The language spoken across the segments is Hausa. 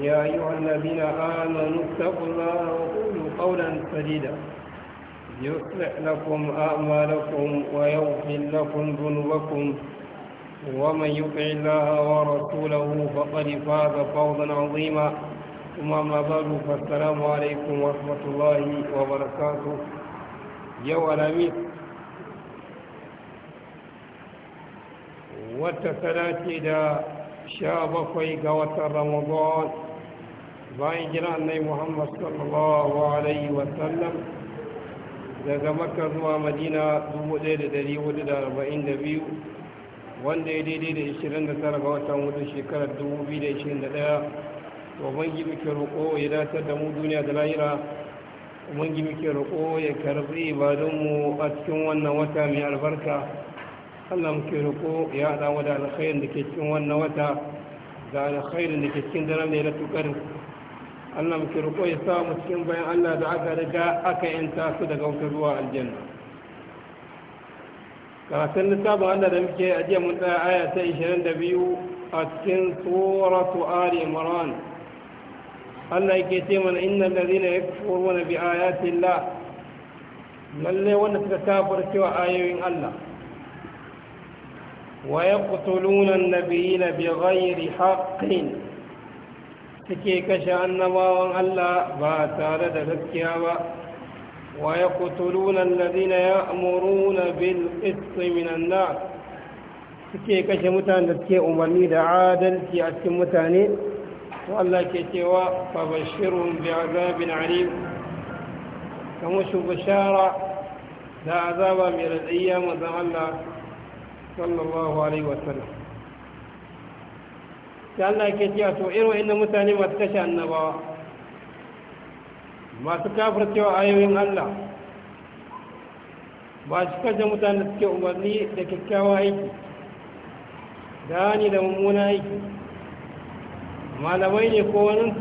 يا أيها الذين آمنوا اتقوا الله وقولوا قولا سديدا يصلح لكم أعمالكم ويغفر لكم ذنوبكم ومن يطع الله ورسوله فقد فاز فوزا عظيما ثم أما بعد فالسلام عليكم ورحمة الله وبركاته يوم الأمين وتسلاتي شابك ويقوة رمضان bayan jira annai muhammad sallallahu alaihi wasallam daga makka zuwa madina 1442 wanda ya daidai da 29 ga watan hudu shekarar 2021 to bangi muke roƙo ya datar da mu duniya da lahira bangi muke roƙo ya karbi ibadunmu a cikin wannan wata mai albarka allah muke roƙo ya haɗa wa da alkhairin da ke cikin wannan wata da alkhairin da ke cikin daren da ya ƙarfi Allah muke roƙo ya sa cikin bayan Allah da aka riga aka yanta su daga wutar ruwa aljanna karatun littafin Allah da muke ajiya mun tsaya aya ta 22 a cikin suratu ari Imran Allah yake ce mana ya ladina yakfuruna bi ayati Allah lalle wanda suka cewa ayoyin Allah ويقتلون النبيين بغير haƙƙin? تكيك شأن واغا لا باتار دفكيا وا ويقتلون الذين يأمرون بالقسط من الناس تكيك شمتان دفكي أمامي دعا دلتي أسكمتاني والله كتوا فبشرهم بعذاب عليم كمشوا بشارة ذا عذاب من الأيام ذا الله صلى الله عليه وسلم sai Allah yake cewa to irin mutane masu kashe annabawa masu kafircewa ayoyin Allah ba su kashe mutane suke umarni da kyakkyawa aiki da da mummuna aiki malamai ne ko wani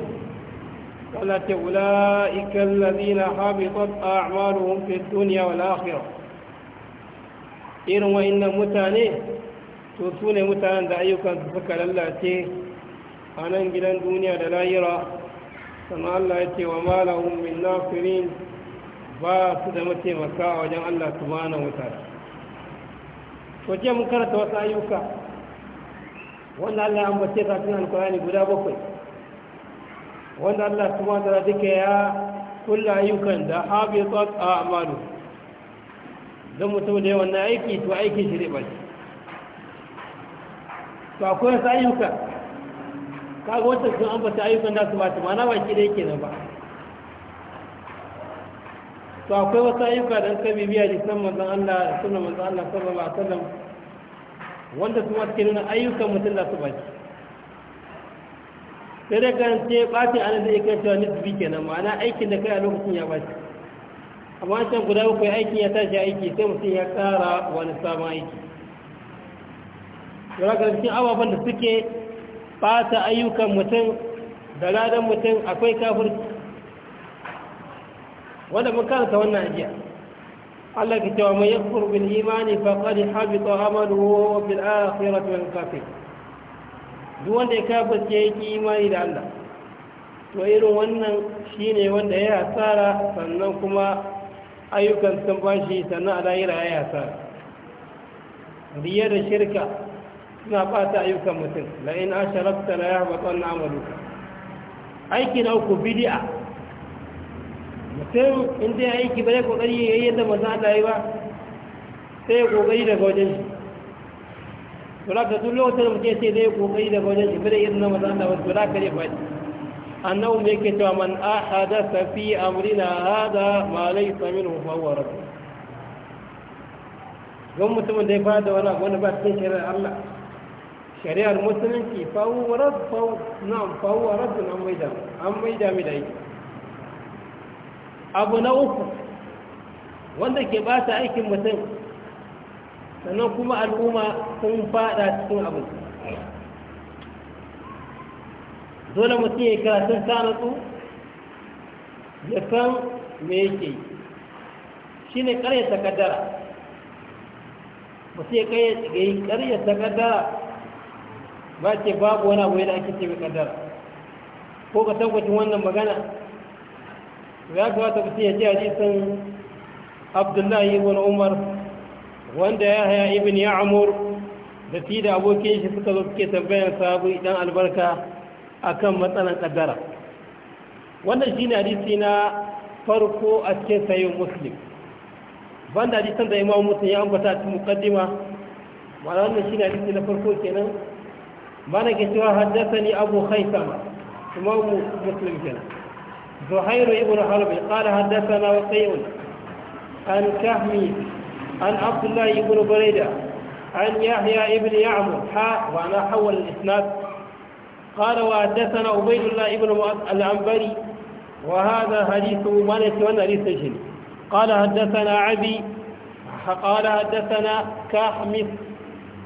Allah ce ula'ikan lalina habitat a amaruhun fi duniya wal irin wa'annan mutane to su ne mutanen da ayyukansu suka lalace. a nan gidan duniya da lahira sannan Allah ya ce wa malahun min nafirin ba su da mataimaka a wajen Allah subhanahu wa wuta. to je mun karanta wasu ayyuka wanda Allah ya ambace ta cikin alkurani guda bakwai wanda Allah su wa da duka ya kulla ayyukan da a a'malu don mutum da yawan na aiki to aiki shi ba shi to akwai wasu ayyuka kaga wancan sun fata ayyukan da su ba mana baki da yake nan ba to akwai wasu ayyuka dan ka biya da san manzon Allah sunan manzon Allah sallallahu alaihi wasallam wanda kuma suke nuna ayyukan mutum da su baki sai da kan ce bacin an da yake cewa bi kenan ma'ana aikin da kai a lokacin ya baki amma can guda bakwai aikin ya tashi aiki sai mutum ya kara wani sabon aiki. Yau ga cikin ababen da suke bata ayyukan mutum da ladan mutum akwai kafirci wanda mun karanta wannan ajiya Allah ke cewa mai yakfur bil imani fa qad habita amaluhu bil akhirati wal kafir duk wanda ya kafirce yi imani da Allah to irin wannan shine wanda ya hasara sannan kuma ayyukan sun bashi sannan a lahira ya hasara riya da shirka suna ɓata ayyukan mutum la'in asharafta la ya haɓaton na amaluka aiki na uku bidi'a mutum in dai aiki ba zai kokari ya yi yadda masu da yi ba sai ya kokari daga wajen shi kula ka tun lokacin da mutum sai zai kokari daga wajen shi bada irin na masu haɗa wasu kula ka ne faɗi annabu mai ke cewa man ahada safi amrina hada ma laisa min hufawa don mutumin da ya fada wani abu wani ba cikin shirar Allah shari'ar musulunci fawuwar wa an maida mai da aiki abu na uku wanda ke ba ta aikin mutum sannan kuma al'umma sun fada cikin abu dole mutum ya karatun tanatsu ya san me yake yi shi ne karyata kaddara mutum ya karyata takaddara. ba ce babu wani abu yadda ake ce mai kaddara ko ka tabbacin wannan magana ya kamata mutum ya ce hadisan abdullahi ibn umar wanda ya haya ibn ya amur da fi da abokin shi suka zo suke tambayar sabu idan albarka a kan matsalan kaddara wannan shi ne hadisi na farko a cikin sayin muslim banda hadisan da imamu musulun ya ambata cikin mukaddima ma'ana wannan shi ne hadisi na farko kenan bana ke cewa haddasani abu khaisama kuma muslim kenan zuhairu ibnu harb qala haddathana wa qayl an kahmi an abdullah ibnu burayda an yahya ibn ya'm ha wa ana hawal al-isnad qala wa haddathana ubaydullah ibn mu'adh al-anbari wa hadha hadithu malik wa hadithu shin qala haddathana abi qala haddathana kahmi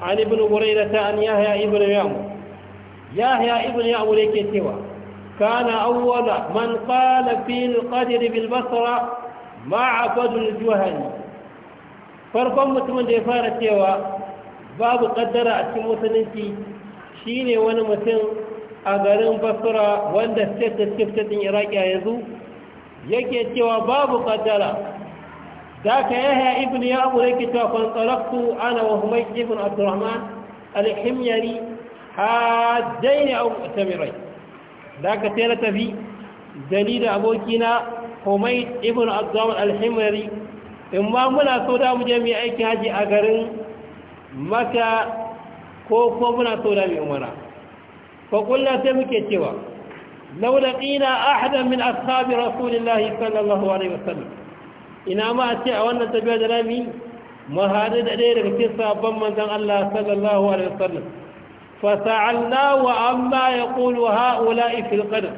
an ibn buraira ta an yahya ibn yamu yahya ibn yamu da yake cewa kana awwala man qala fi al-qadr bil basra farkon mutumin da ya fara cewa babu kaddara a cikin musulunci shine wani mutum a garin basra wanda state of state din iraki yanzu yake cewa babu kaddara ذاك يحيى ابن يابو لك فانطلقت انا وهميد ابن عبد الرحمن الحميري حاجين او مؤتمرين ذاك سيرة في دليل ابوكينا هميد ابن عبد الرحمن الحميري imma muna so da mu je mu yi aikin haji a garin maka ko kuma muna so da mu umara fa sai muke cewa law laqina ahadan min ashabi rasulillahi sallallahu alaihi wasallam ina ma a ce a wannan tafiya da rami mahadu da ɗaya daga cikin sabon manzan Allah sallallahu alaihi wasallam wa amma ya ƙulu ha'ula ifil qadr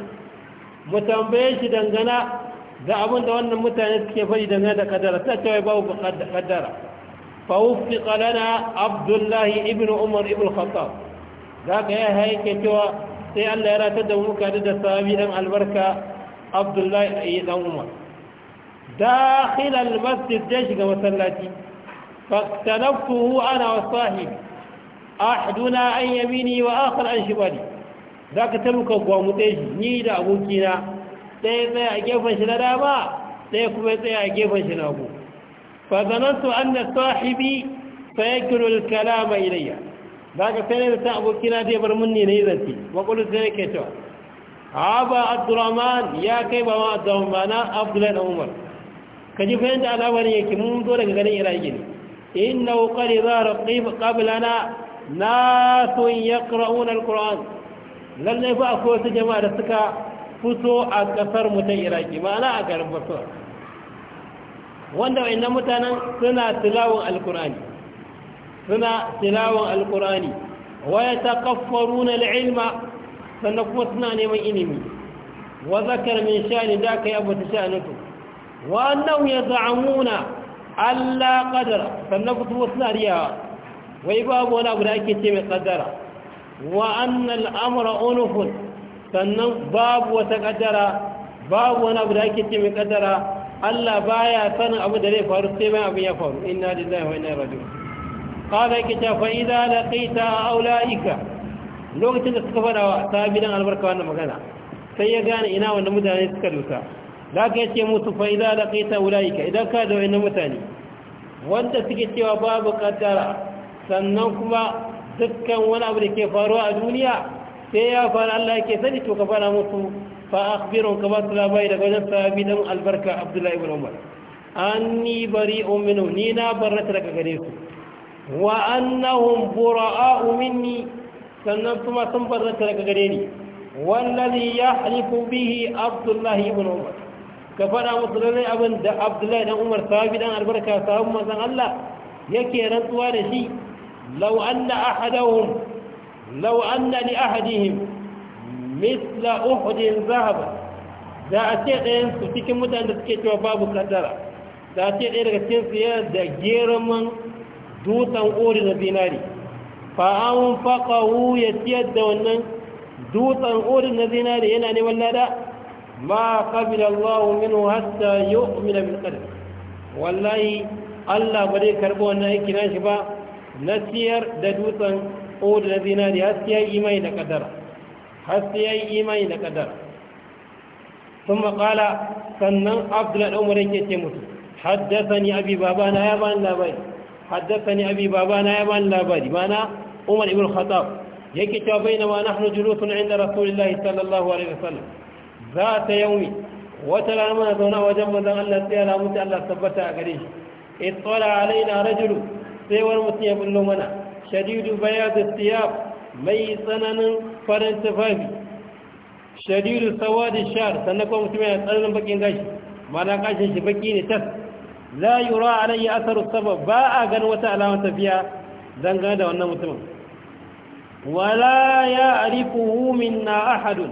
mu tambaye shi dangana da abin da wannan mutane suke fadi dangane da kadara. ta ce babu kadara. fa wuffiqa lana abdullahi ibn umar ibn khattab da ka yi haike cewa sai Allah ya ratar da mu kadi da sahabi dan albarka abdullahi dan umar داخل المسجد جيش وسلاتي فاختلفته أنا وصاحبي أحدنا عن يميني وآخر عن شمالي ذاك تلك قوامتيش نيدا أبوكينا تيبا أجيبا شلدابا تيكما تيبا أجيبا شلابو فظننت أن صاحبي فيكل الكلام إلي ذاك سنة أبوكينا تيبر مني نيزتي وقلت ذلك يا أبا عبد الرحمن يا كيف عبد الرحمن عبد الله عمر ka ji fahimta alamar yake mun zo ganin iraki ne inna qad zara qablana nasun yaqra'una alquran lalle fa akwai wasu jama'a da suka fito a ƙasar mu ta iraki ma'ana a garin basra wanda wayannan mutanen suna tilawon alqurani suna tilawon alqurani wa yataqaffaruna ilma, sannan kuma suna neman ilimi wa zakar min sha'ani da kai abu ta sha'anutu wannan ya za'amuna Allah ƙadara sannan kuma kuma suna riyawa wai babu wani abu da ake ce mai ƙadara wa annal amra unuhun sannan babu wata ƙadara babu wani abu da ake ce mai ƙadara Allah baya san abu da zai faru sai mai ya faru inna lillahi wa inna ilaihi raji'un qala kita fa idza laqita aulaika lokacin da suka fada wa tabidan albarka wannan magana sai ya gane ina wanda mutane suka dusa za ka yace musu fa idza laqita ulaika idan ka da wayannan mutane wanda suke cewa babu kaddara sannan kuma dukkan wani abu da ke faruwa a duniya sai ya faru Allah yake sani to ka fara musu fa akhbirun kama su labari daga wajen sahabi dan albarka Abdullahi ibn Umar anni bari'un minhu ni na barrata daga gare su wa annahum bura'u minni sannan kuma sun barrata daga gare ni wallazi yahlifu bihi Abdullahi ibn Umar ka faɗa musu lallai abin da abdullahi dan umar sahabi dan albarka sahabu manzon Allah yake rantsuwa da shi law anna ahadahum law anna li ahadihim mithla zahaba da a ce ɗayan su cikin mutanen da suke cewa babu kaddara da a ce ɗaya daga cikin su yana da girman dutsen ori na zinari fa an faƙa ya ciyar da wannan dutsen ori na zinari yana neman lada ما قبل الله منه حتى يؤمن بالقدر والله الله بري كربو ان اي كنا شبا نسير ددوتن قول الذين دي حتي اي ماي قدر حتي اي ماي قدر ثم قال سنن عبد الله عمر يكيتي حدثني ابي بابانا يا لا باي حدثني ابي بابانا يا لا باي معنا أمر ابن الخطاب يكيتي بينما نحن جلوس عند رسول الله صلى الله عليه وسلم za ta yawi wata rana muna zauna wajen manzon Allah sai ya Allah tabbata a gare shi itsala alaina rajulu sai wani mutum ya bullo mana shadidu bayadu siyab mai tsananin farin tufafi shadidu sawadi shar sannan kuma mutum yana tsananin bakin gashi mana gashin shi baki ne tas la yura alayya atharu sabab ba a gan wata alama tafiya dangane da wannan mutumin wala ya arifuhu minna ahadun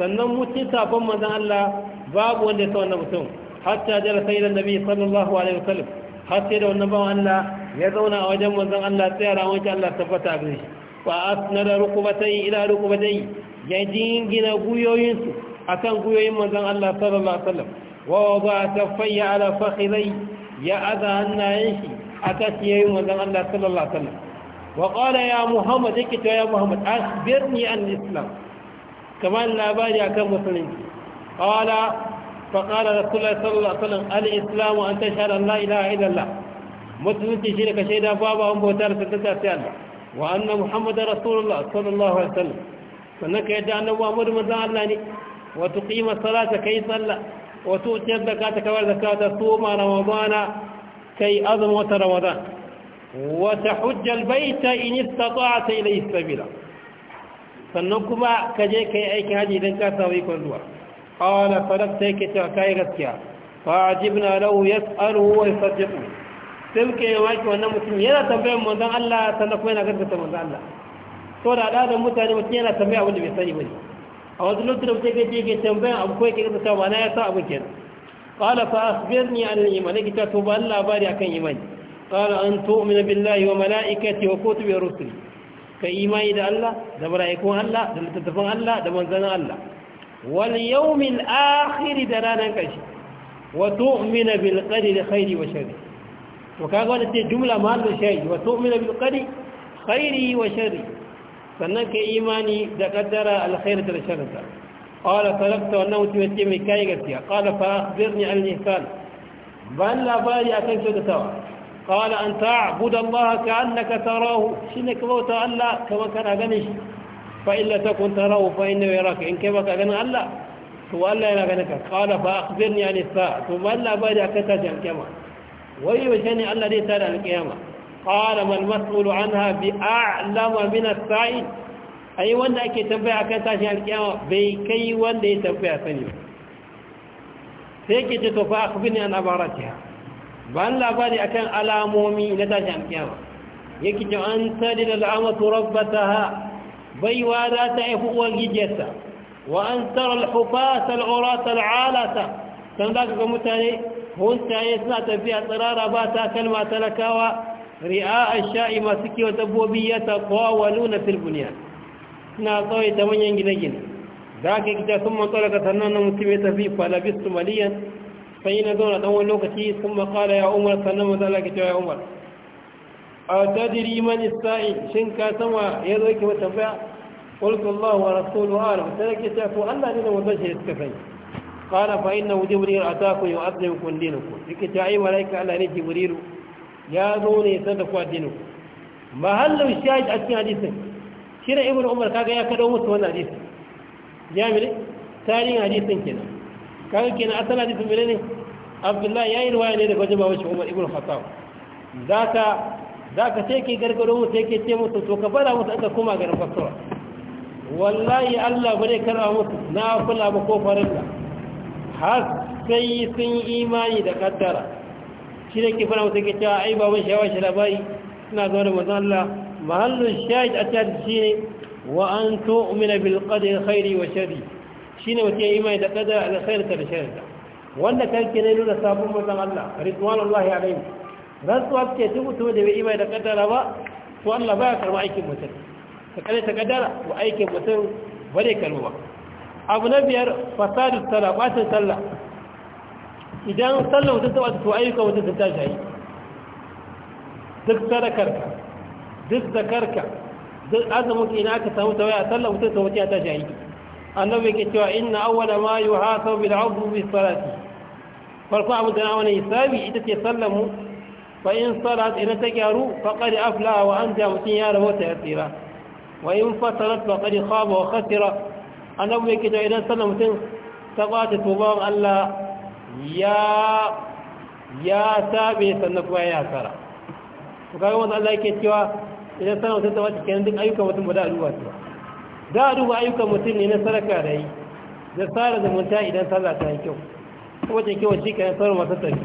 sannan mutum safon manzan Allah babu wanda ya sa wannan mutum hatta jara sai da nabi sallallahu alaihi wasallam har sai da wannan bawan Allah ya zauna a wajen manzan Allah tsayara shi Allah tabbata gare shi fa da rukubatai ila rukubatai ya jingina guyoyinsu akan guyoyin manzan Allah sallallahu alaihi sallam wa wada kaffayya ala fakhidai ya aza hannayen shi akan yayin manzan Allah sallallahu alaihi sallam wa qala ya muhammad yakita ya muhammad asbirni an islam kamar labari a kan musulunci shi da ka shaida babu an bauta da sassa ta fiye Allah wa annan muhammadar azumin wata ramadan wata hujjar bai ta inista ta ta sannan kuma ka je ka yi aikin haji idan ka samu ikon zuwa qala sai ke cewa yi gaskiya Ba a fa rahu ya yas'aluhu wa ku sai muke yawaki wannan mutum yana mu. manzon Allah sannan kuma yana gaskata manzon Allah to da da mutane mutum yana tambaya abin da bai sani bane a wasu lokutan mutum ya ke tambayan abu ko ke gaskata ba na ya sa abu kenan ƙawana fa ni an yi iman yake cewa to ba Allah labari akan imani ƙawana an tu'mina billahi wa mala'ikati wa kutubi wa rusuli كإيمان الله دبر يكون الله دبر تتفق الله دبر زنا الله واليوم الآخر درانا كش وتؤمن بالقدر خير وشر وكذا قالت جملة ما له شيء وتؤمن بالقدر خير وشر فنك إيماني دقدر الخير ترى قال تركت أنه تمتي من كاي قال فأخبرني عن الإهكال بل لا بالي أكن شو قال أن تعبد الله كأنك تراه شنك بوت ألا كما كان أغنش فإن لا تكن تراه فإنه يراك إن كما كان ألا وألا ينغنك قال فأخبرني عن الساعة ثم ألا بارع كتاج الكما ويوشني ألا دي ترى القيامة قال ما المسؤول عنها بأعلم من السعيد أي وانا أكي تنبيع كتاج القيامة بكي وانا يتنبيع سنيو سيكي تتفاق بني عن أبارتها ba labari akan alamomi na tashi alkiyama yake ce an tadi da al'amatu rabbataha baiwa za ta haifi uwar gijiyarta wa an tara al-hufata al san za ka ga mutane huntaye suna tafiya tsirara ba ta kalma talakawa ri'a a shai masu kiwon dabbobi ya wa fil bunyan suna tsawaita manyan gine-gine za ka kita sun matsala ka sannan na mutum ya tafi falabistu maliyan sai na zauna ɗan wani lokaci sun makala ya umar sannan maza Allah ke cewa ya umar a tajiri man isra'il shin ka sama ya zo yake mata baya qultu Allah wa rasuluhu alam sai ke cewa to Allah ne da wannan shi suka sani qala fa inna jibril ataku yu'adhibukum dinakum yake cewa yi malaika Allah ne jibrilu ya zo ne san da ku addininku mahallu shahid a cikin hadisin shi da ibnu umar kaga ya kado musu wannan hadisi jami'i tarihin hadisin kenan kaga kenan asala ne tumire ne abdullahi ya yi ruwaya ne daga jama'a shi umar ibn khattab Za ka sai ke gargaro mu sai ke ce musu to ka fara musu aka koma garin fassara wallahi Allah bane kara musu na kula ba ko farilla har sai sun yi imani da kaddara shi ne ke fara mutu ke cewa ai baban shawa shi labari suna zuwa da mazan Allah mahallin shahid a cikin shi ne wa an tu'mina bil qadri khairi wa shari'a Shi shine mutum yi mai da kadar alkhair ta da sharri wanda kan kire nuna sabon mutan Allah ridwanullahi alaihi rantsuwa suke duk mutum da bai yi mai da kadara ba su Allah baya karba aikin mutum ka kare ta kadara wa aikin mutum ba dai karba abu na biyar fasadu sallah bacin sallah idan sallah mutum ta bata ayyukan ayyuka mutum ta tashi duk sadakarka duk zakarka duk azumin ina aka samu tawaya sallah mutum ta wuce ta tashi annabi ke cewa inna awwala ma yuhasabu bil abdu bis salati farko abu da wani hisabi ita ce sallamu mu fa in salat idan ta gyaru faqad afla wa anta mutun ya rabota ya tsira wa in fasalat faqad khaba wa khasira annabi ke cewa idan sallamu mutum ta bata tuban Allah ya ya tabe sannan kuma ya tsara to kaga wanda Allah yake cewa idan sallamu mutum ta bata kenan duk ayyukan mutum ba da ruwa ba za a duba ayyukan mutum ne na saraka da yi da tsara zumunta idan sallah ta yi kyau kuma ta kyau shi kayan sauran masu tsari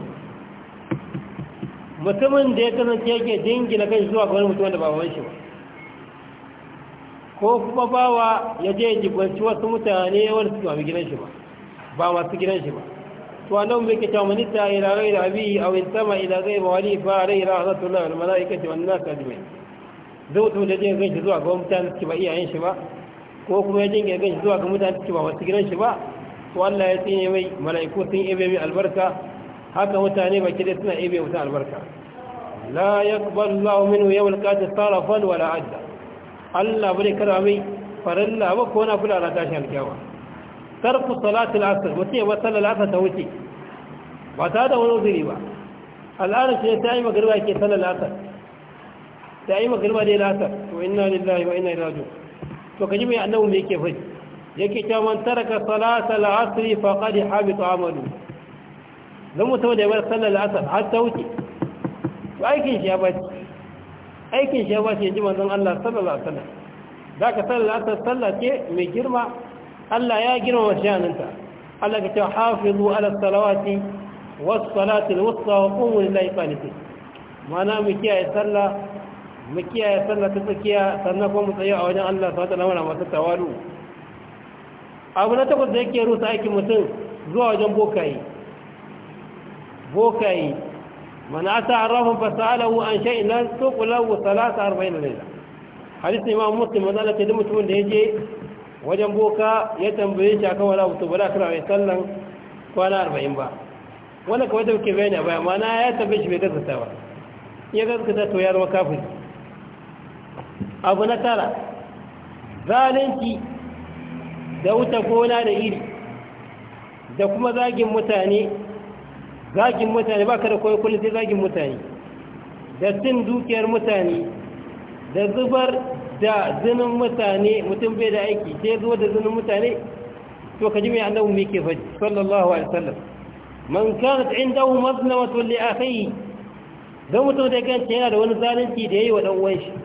mutumin da ya kasance yake dingina kai zuwa ga wani mutum da ba wani shi ba ko kuma bawa ya je jibanci wasu mutane wani su ba gidan shi ba ba masu gidan shi ba to a nan muke cewa manita ila rai da abi a wani sama ila zai ba wani fa rai ra zato su lalata mala'ikata wannan sa jimai zai mutum da je shi zuwa ga wani mutane ba iyayen shi ba ko kuma ya jin gashi zuwa ga mutane cewa wasu gidan shi ba to Allah ya tsine mai mala'iku sun ibe mai albarka haka mutane baki dai suna ibe mutan albarka la yaqbal Allahu minhu yawmal qadi tarafan wala adda Allah bare kara mai faralla ba ko na fula da tashi alkiyawa tarku salatul asr wace ba sallar asr ta wuce ba ta da wani zuri ba al'adar ce ta yi magariba ke sallar asr ta yi magariba dai asr to inna lillahi wa inna ilaihi raji'un to ji mai annabi me yake faɗi yake cewa man taraka salatal asri faqad habita amalu dan mutum da ya bar sallar asr har ta wuce to aikin shi ya bace aikin shi ya bace ji manzon Allah sallallahu alaihi Za ka sallar asr sallah ce mai girma Allah ya girma shaninta Allah ka ce hafizu ala salawati was salati al wusta wa qumu lillahi mana mu kiyaye sallah mu ya sallah ta tsakiya sannan kuma mu a wajen Allah sa ta lamara masu tawalu abu na takwas da yake rusa aikin mutum zuwa wajen bokaye bokaye man ata arrafin fasalahu an shay la tuqlahu salasa arba'in da. laila hadisi imam musulun manzo Allah ce duk mutumin da ya je wajen boka ya tambaye shi akan wala ba bala kana mai sallan kwana arba'in ba wanda kawai da kuke bayani a baya ma na ya tambaye shi bai gaskata ba ya gaskata to ya zama kafin abu na tara zalunci da wuta gona da iri da kuma zagin mutane zagin mutane ba ka da koyi kullum sai zagin mutane da sin dukiyar mutane da zubar da zinin mutane mutum bai da aiki sai zuwa da zinin mutane to ka ji mai annabu mai ke faji sallallahu alaihi wasallam man kanat mazna wa li akhi da mutum da kanta yana da wani zalunci da yayi wa dan uwan shi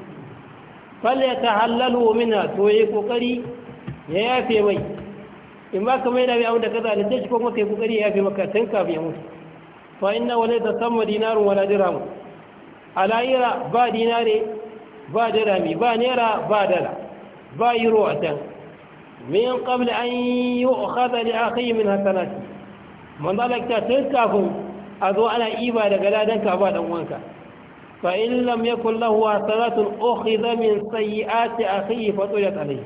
falle ta hallalu mina to ya yi kokari ya yafe mai in ba ka mai da abin da ka zalunce shi ko kuma kai kokari ya yafe maka tun kafin ya mutu fa inna wala ta san samma dinarun wala dirham alayira ba dinare ba dirami ba naira ba dala ba euro a can min qabl an yu'khadha li akhi min hasanati man dalaka tun kafin a zo ana iba daga ladan ka ba dan wanka فإن لم يكن له حسنات أخذ من سيئات أخيه فطلت عليه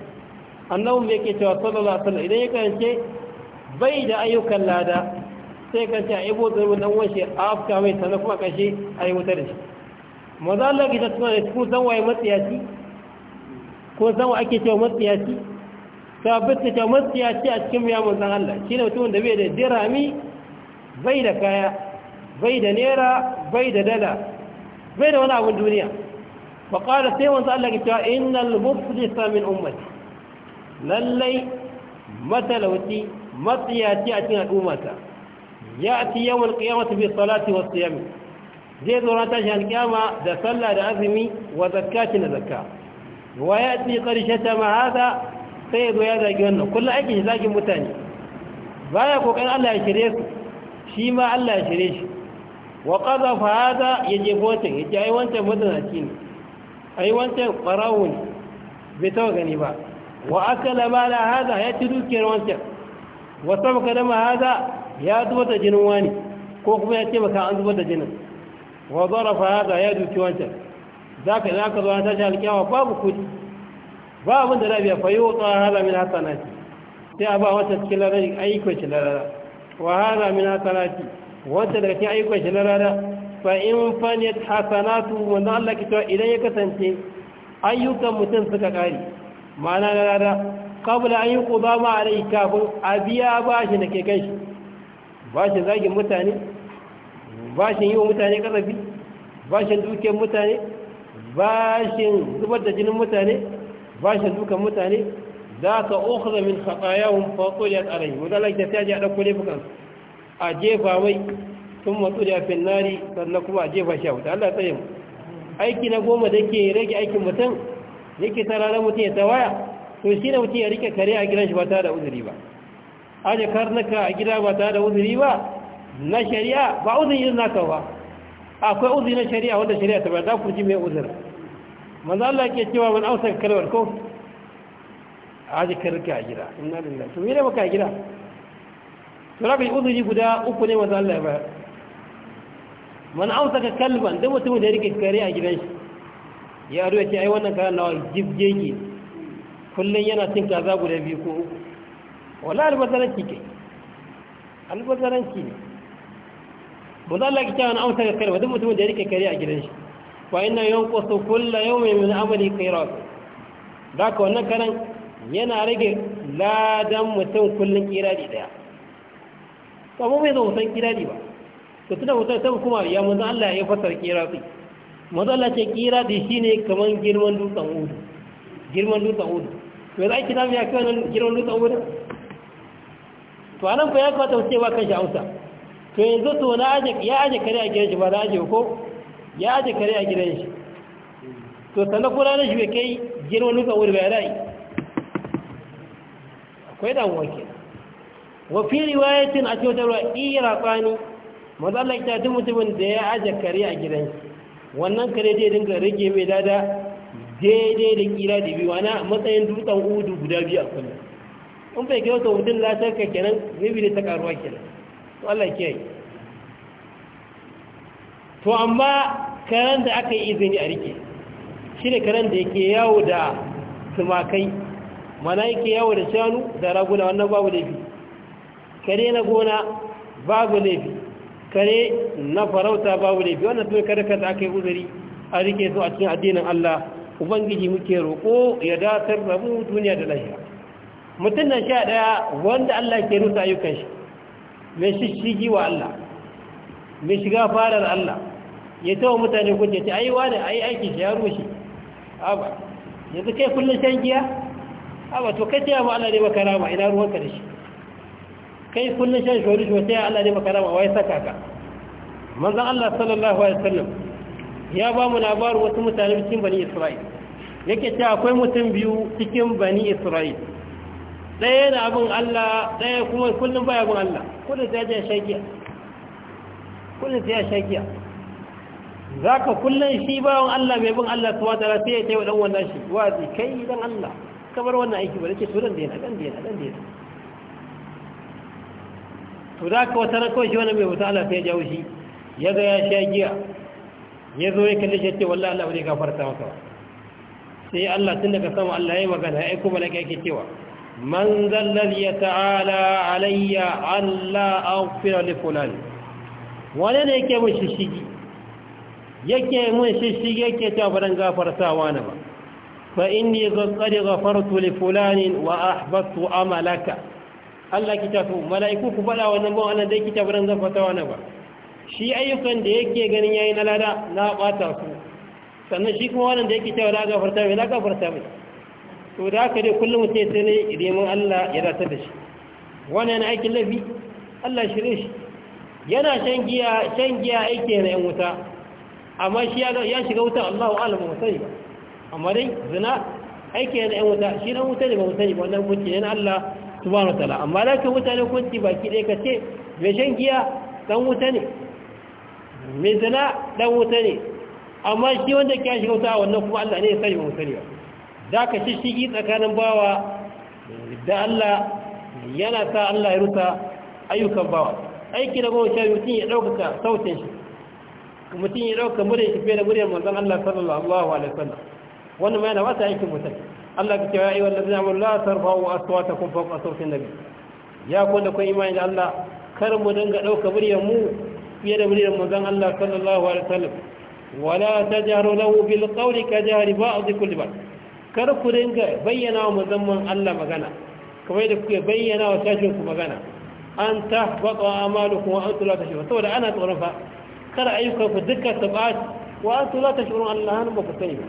annahum yake cewa sallallahu alaihi wasallam idan ya kance bai da ayyukan lada sai kance a ibo zurbin dan washe afka mai sannan kuma kashe a yi wuta da shi maza Allah ki tattuna da kun san waye matsiyaci ko zan wa ake cewa matsiyaci sabbin ta cewa matsiyaci a cikin ya manzan Allah shi ne mutumin da bai da dirami bai da kaya bai da naira bai da dala bai da wani abin duniya Ba qala sai wanzu Allah ke cewa innal muflisa min ummati lallai matalauci matsiyaci a cikin al'ummata ya'ti yawmal qiyamati bi salati wasu siyam zai zo ran tashi alkiyama da sallah da azumi wa zakati na zakka wa ya'ti qarshata ma hada sai zo ya zagi wannan kullu ake zagin mutane baya kokarin Allah ya shirye su shi ma Allah ya shirye shi wa ƙaza fa haza ya jefo wancan ya ce ai wancan mazanaci ne ai wancan ɓarawo ne bai taɓa gani ba wa akala mala haza ya ci dukiyar wancan wa sabaka dama haza ya zubar da jinin wani ko kuma ya ce maka an zubar da jinin wa fa haza ya duki wancan za ka za ka zo ta shi alkiyawa babu kudi ba abin da rabiya fa yi wa tsawon haza min hasanati sai a ba wancan cikin lalari ayyukan shi lalala wa haza min hasanati wanda daga cikin ayyukan shi na rana fa in faniyat hasanatu wanda Allah ke cewa idan ya kasance ayyukan mutum suka kare ma'ana na rana kabla an yi kuba ma alai rai kafin a biya bashin da ke kai shi bashin zagin mutane bashin yi wa mutane kasafi bashin dukiyar mutane bashin zubar da jinin mutane bashin dukan mutane za ka ukhra min khatayahum fa tuliyat alayhi wadalaka ta ji a dauko laifukan su a jefa mai sun matsu da finnari sannan kuma a jefa shi wuta Allah tsaye mu aiki na goma da ke rage aikin mutum yake ke ranar mutum ya tawaya to shi na mutum ya rike kare a gidan shi ba tare da uzuri ba aje karnuka a gida ba tare da uzuri ba na shari'a ba uzuri yin kawo ba akwai uzuri na shari'a wanda shari'a ta ba za ku ji mai uzuri manzo Allah ke cewa man ausa karwar ko aje karnuka a gida inna lillahi to me ne baka a gida to raka uzuri guda uku ne manzo Allah ya bayar man ka kalban da mutum da rike kare a gidan shi ya aro ya ce ai wannan kayan nawa jibgege kullun yana cin kaza guda biyu ko uku wala albazaranci ke albazaranci ne mun Allah ya ce an ka kalban da mutum da rike kare a gidan shi fa inna yanqusu kullu yawmin min amali khairat ka wannan karan yana rage ladan mutum kullun kirari daya to amma bai zo san kira ne ba to tuna hoton sai kuma ya manzo Allah ya fasar kira sai manzo Allah ce kira da shine kaman girman dutsen udu girman dutsen udu to za ki zama ya kai wannan girman dutsen udu to anan fa ya kwata ce ba kan shi hausa to yanzu to na aje ya aje kare a gidan shi ba da aje ko ya aje kare a gidan shi to sannan ko na shi bai kai girman dutsen udu bai rai akwai damuwa kenan wa fi riwayatin a cikin ruwa ira tsani maza Allah ta duk mutumin da ya aje kare a gidan wannan kare zai dinga rage mai dada daidai da kira da biyu ana matsayin dutsen udu guda biyu a kullum in bai kyauta hudun latarka kenan zai da ta karuwa kenan to Allah ke yi to amma karen da aka yi izini a rike shi ne karen da yake yawo da tumakai mana yake yawo da shanu da raguna wannan babu da biyu kare na gona babu laifi kare na farauta babu laifi wannan tun kare da aka yi uzuri a rike su a cikin addinin Allah ubangiji muke roƙo ya datar da mu duniya da lafiya mutum na sha ɗaya wanda Allah ke rusa ayyukan shi mai shishigi wa Allah mai shiga farar Allah ya tawa mutane kuje ta ayi wani ayi aiki shi ya rushe aba yanzu kai kullum shan giya aba to kai ta yawa Allah ne makarama ina ruwanka da shi kai kullum shan shori shori sai Allah ne makarama wai saka ka manzan Allah sallallahu alaihi wasallam ya ba mu labarin wasu mutane cikin bani Isra'il yake cewa akwai mutum biyu cikin bani Isra'il ɗaya yana abin Allah ɗaya kuma kullum baya abin Allah kullum sai ya shakiya kullum sai ya shakiya za ka kullum shi bawan Allah mai bin Allah suwa tara sai ya ce wa ɗan wannan shi wa kai dan Allah kamar wannan aiki ba da ke turan daina ɗan daina ɗan daina to da aka wata rakon shi wani mai wuta ala sai ya jawo shi ya zo ya sha giya ya zo ya kalli shi ya ce wallahi Allah bai gafarta maka ba sai Allah tun daga sama Allah ya magana ya kuma malaka yake cewa man zallal ya ta'ala alayya Allah aghfira li fulan wani ne yake mun shishigi yake mun shishigi yake cewa baran gafartawa na ba fa inni qad ghafartu li fulan wa ahbastu amalaka Allah ki tafi mala'iku ku faɗa wannan ban Allah dai ki tafi ran zan fata wani ba shi ayyukan da yake ganin yayi na lada na bata su sannan shi kuma wannan da yake cewa na gafarta mai na gafarta mai to da haka dai kullum sai sai ne neman Allah ya dace da shi wannan aikin lafi Allah shirye shi yana shan giya shan giya aiki na yan wuta amma shi ya shiga wuta Allahu a'lam ba sai amma dai zina aiki na yan wuta shi dan wuta ne ba wuta ne wannan mutum ne Allah subhanahu wa ta'ala amma da ka mutane kunci baki ɗaya ka ce mai shan giya dan wuta ne mai zina dan wuta ne amma shi wanda ke shiga wuta wannan kuma Allah ne ya sani ba ne ba za ka shishigi tsakanin bawa da Allah yana sa Allah ya rusa ayyukan bawa aiki da gwamnati shayi mutum ya ɗaukaka sautin shi mutum ya ɗaukaka muryar shi fiye da muryar manzon Allah sallallahu alaihi wasallam wannan ma yana wata aikin mutane. Allah ke cewa ayyuhal ladzina amanu la tarfa'u aswatakum fawqa sawti nabi ya ku da kun imani da Allah kar mu dinga dauka muryar mu fiye da muryar manzon Allah sallallahu alaihi wasallam wala tajharu lahu bil qawli ka jahri ba'dikum li ba'd kar ku dinga bayyana wa manzon Allah magana kamar da kuke bayyana wa tashin ku magana an tahbata amalukum wa antum la tashurun saboda ana tsoron fa kar ayyukan ku dukkan sabat wa antum la tashurun Allah ba ku sani ba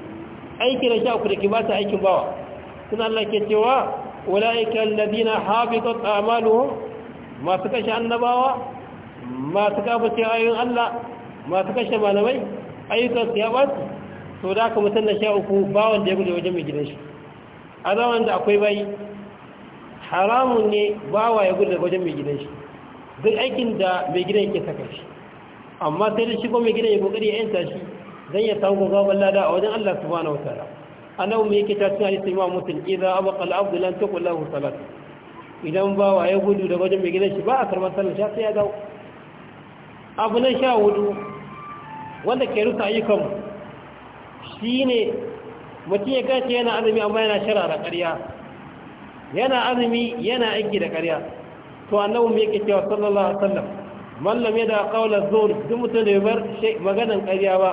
aiki da kyau ke ba su aikin bawa suna Allah ke cewa ulaika alladhina habitat a'maluhum masu kashe annabawa masu kaface ayoyin Allah masu kashe malamai ayyukan su ya basu so da aka mutum na sha uku bawan da ya gudu wajen mai gidan shi a zaman da akwai bayi haramun ne bawa ya gudu wajen mai gidan shi duk aikin da mai gidan ke saka shi amma sai da shi ko mai gidan ya kokari ya yanta shi zan ya samu gaggawan lada a wajen Allah subhanahu wataala annabi mai yake ta cikin hadisi imam mutum? idan abu kala, abu lan taqul lahu salatu idan ba wa ya gudu da wajen mai gidan shi ba a karɓar sallar sha sai ya dawo abu na sha hudu wanda ke rusa ayyukan shi ne mutum ya kace yana azumi amma yana shara da ƙarya yana azumi yana aiki da ƙarya to annabi mai yake cewa sallallahu alaihi wasallam mallam ya da qawla zuhr duk mutum da bar maganan ƙarya ba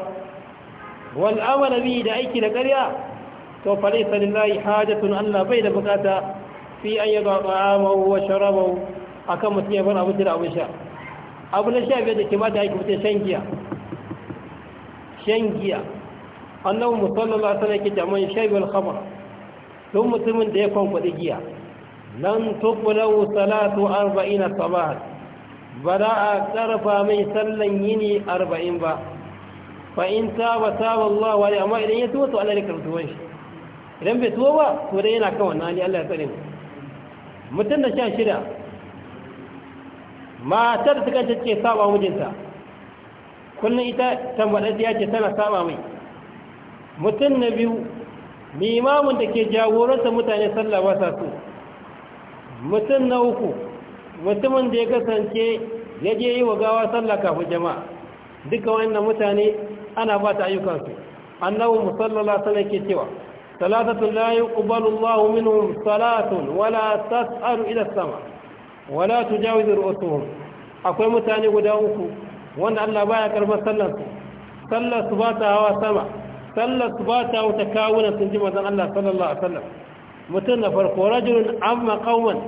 wal amala bi da aiki da ƙarya to fa laysa lillahi hajatun Allah bai da bukata fi an yada ta'amahu wa a kan mutum ya bar abinci da abin sha abu na sha biyar da ke mata aiki mutum shan giya shan giya annabi musallallahu alaihi wasallam yake da biyar kamar. khamr don mutumin da ya kwankwadi giya lan tuqbalu salatu 40 sabahat ba za a ƙarfa mai sallan yini arba'in ba fa in taba taba Allah wa amma idan ya tuba to Allah ne karɓi tuban shi idan bai tuba ba to dai yana kan wannan hali Allah ya tsare mutum da sha shida matar suka ce saba mijinta kullum ita tambaɗaɗɗiya ce tana saba mai mutum na biyu limamin da ke jagoranta mutane sallah ba sa so mutum na uku mutumin da ya kasance ya je yi wa gawa sallah kafin jama'a duka wannan mutane ana ba ta ayyukansu annabi musallala sana ke cewa salatatun la yuqbalu Allahu minhum salatun wala tas'alu ila sama wala tujawizu ru'usuhum akwai mutane guda uku wanda Allah baya karbar sallar su sallar su ba ta hawa sama sallar su ba ta wuta kawuna sun ji manzon Allah sallallahu alaihi wasallam mutum na farko rajulun amma qauman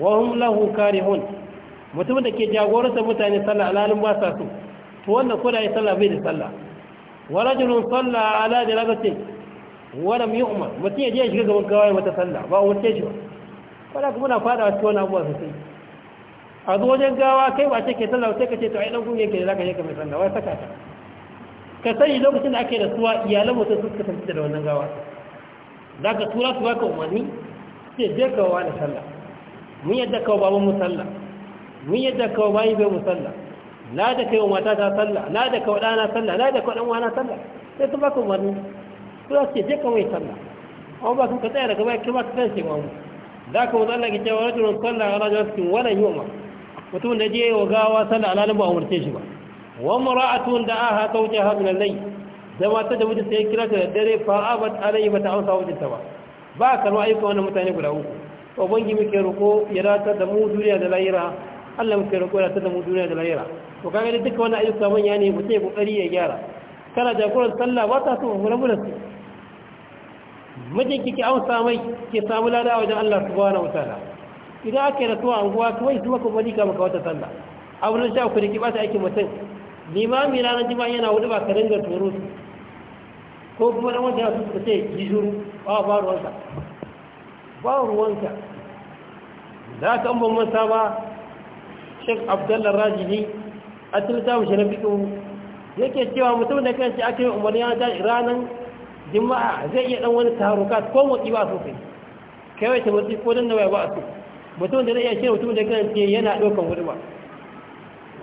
wa hum lahu karihun mutum da ke jagorantar mutane sallah alalin ba sa su to wannan ko da ya sallah bai da sallah da صلى على جنابته ولم يؤمر mutum ya je ya shiga gaban kawai wata sallah ba wuce shi ba wala kuma na fada a cikin abuwa sosai a zo wajen gawa kai ba ce ke sallah sai ka ce to ai dan gungun ke zaka je ka mai sallah wai saka ta ka sani lokacin da ake da suwa iyalan mutum su suka tantance da wannan gawa za ka tura su baka umarni ce je ka wa da sallah mun yadda ka ba mu sallah mun yadda ka ba yi bai mu sallah na da kai wa mata ta sallah na da kai ɗana sallah na da kai ɗan wana sallah sai sun baka umarni su za su ce je ka sallah amma ba sun ka tsaya daga baya kima ka tsaya ce mamu za ka wuce Allah ki ce wa rajulun sallah ala jaskin wala yi umar mutum da je wa gawa sallah alalin ba umarce shi ba wa mura'atun da aha kauce ha min allai da da ya kira ta da ba bata amsa mijinta ba ba ka no aika wannan mutane guda uku ubangi muke roko ya da mu duniya da lahira Allah muke roko ya da mu duniya da lahira to kaga da duka wani ayyuka manya ne mutum ya kokari ya gyara kana jagoran sallah ba ta so mu rabu da su mijin kike amsa mai ke samu lada wajen Allah subhanahu wataala idan aka yi rasuwa anguwa kawai zuwa ku bari ka maka wata sallah Abun da sha ku ba ta aikin mutum limami ranar jima'a yana wuɗi ba ka ringa turo su ko kuma dan wanda ya su ce yi juru ba ba ruwanka ba ruwanka da ka an ban manta ba shek abdallah rajini a tilta mu shirin na yake cewa mutum da kanshi ake yi umarni ya tashi ranar jima'a zai iya dan wani taruka ko motsi ba sosai kawai ta motsi ko danna waya ba a so mutum da zai iya shirin mutum da kanshi yana ɗaukan wuri ba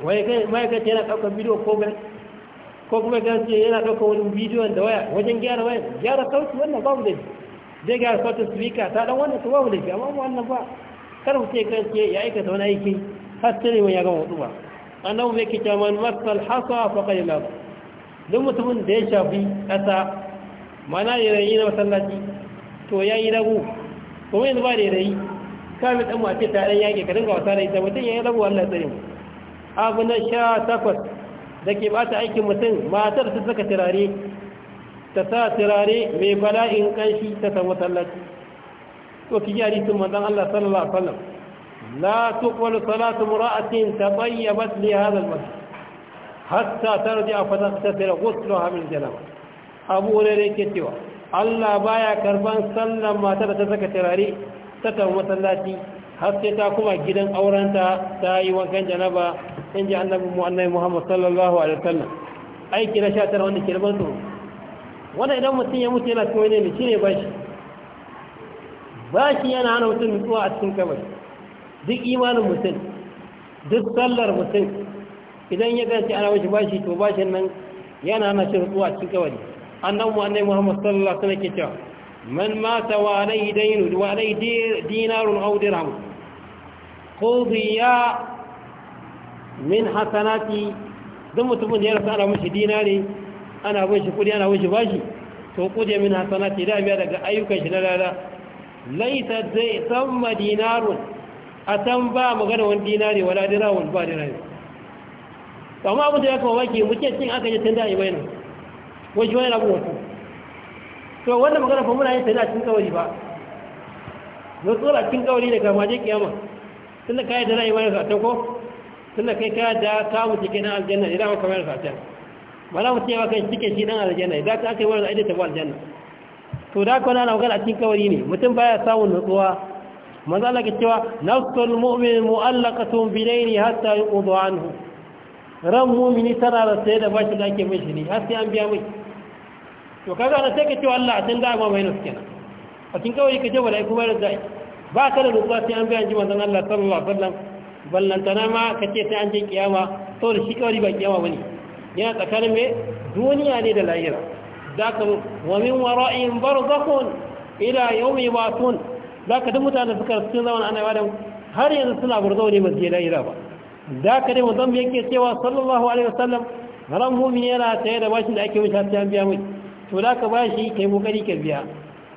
ma'aikata yana ɗaukan bidiyo ko gani ko kuma gansu yana ɗaukan wani bidiyon da waya wajen gyara waya gyara sauti wannan babu da zai gyara sautin speaker ta ɗan wannan su babu da amma wannan ba kar mutum ya kansu ya aikata wani aiki har sai ne ya gama hudu ba annabu mai kita man masal hasa fa qaila duk mutumin da ya shafi ƙasa mana ya rayi na masallaci to ya yi rabu kuma yanzu ba da ya rayi kami ɗan mace ta ɗan yaƙi ka dinga wasa da ita mutum ya yi rabu Allah tsarin abu na sha takwas da ke ta aikin mutum matar ta saka turare ta sa turare mai bala'in ƙanshi ta samu masallaci to ki ji hadisin manzon Allah sallallahu alaihi wasallam لا تقبل صلاة امرأة تطيبت لهذا المسجد حتى ترجع فتغتسل غسلها من جنابة أبو هريرة كتوى Allah baya karban sallan matar da ta saka turare ta tafi masallaci har ta kuma gidan aurenta ta yi wankan janaba in ji annabi mu annabi sallallahu alaihi wasallam aiki na 19 wanda ke ban su wanda idan mutum ya mutu yana cikin wani ne bashi bashi yana hana mutum nutsuwa a cikin kabari duk imanin mutum duk sallar mutum idan ya gaci ana mashi bashi to bashin nan yana na shi rutsuwa cikin kawai annan mu annai muhammad sallallahu alaihi wasallam ke cewa man mata wa alai dainu wa alai dinarun aw dirham qudiya min hasanati duk mutumin da ya rasa ana mashi dinari ana bin shi kudi ana bin shi bashi to kudiya min hasanati da biya daga ayyukan shi na lada laita zai samma dinarun a san ba magana wani dinari wala wani ba ba amma abin da ya kama waki muke cin aka yi tunda a yi bayanin wajen wani abu wasu to wannan magana fa muna yin tun da cin kawai ba na tsora cin kawai daga maje kiyama tun da kayi da ra'ayi bayan satan ko tunda kai kaya da kamun cikin na aljanna idan aka kamar satan ba za mu ce ba kai cikin shi dan aljanna idan aka yi wani da aidata ba aljanna to da kwana na magana cikin kawai ne mutum baya samun nutsuwa manzo Allah ke cewa nafsul mu'min mu'allaqatun bi dayni hatta yuqdu anhu ran mu'mini tana da sai da bashi da ake mishi ne har sai an biya mai to kaga na sai ka cewa Allah tun da ma mai nuske na a kin kawai ka je wala kuma da zai ba ka da rubuwa sai an biya ji manzon Allah sallallahu alaihi wasallam ballantana ma kace sai an je kiyama to da shi kawai ba kiyama bane yana tsakanin me duniya ne da lahira ذاك ومن ورائهم برزخ إلى يوم يبعثون za ka duk mutane suka cikin zaman ana yawa har yanzu suna gurzo ne ba su ira ba za ka dai mutum yake cewa sallallahu alaihi wasallam ran mumini yana tsaye da bashin da ake wuce ta an biya mai to za ka bashi ka yi kokari ka biya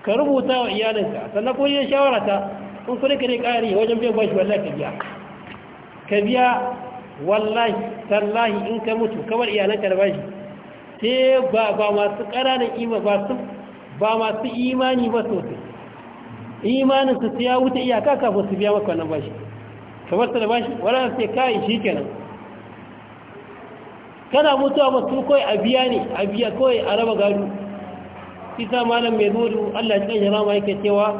ka rubuta wa iyalinka sannan ko yin shawara ta in kuri ka ne ƙari wajen biyan bashi wallahi ka biya ka biya wallahi tallahi in ka mutu kamar iyalanka da bashi te ba masu ƙananan ima ba masu imani ba sosai imanin su ya wuce iyaka kafin su biya maka wannan bashi kamar su da bashi wala sai kai shikenan kana mutuwa ba su koi a biya ne a biya koi a raba gado isa malam mai zuru Allah ya tsaya rama yake cewa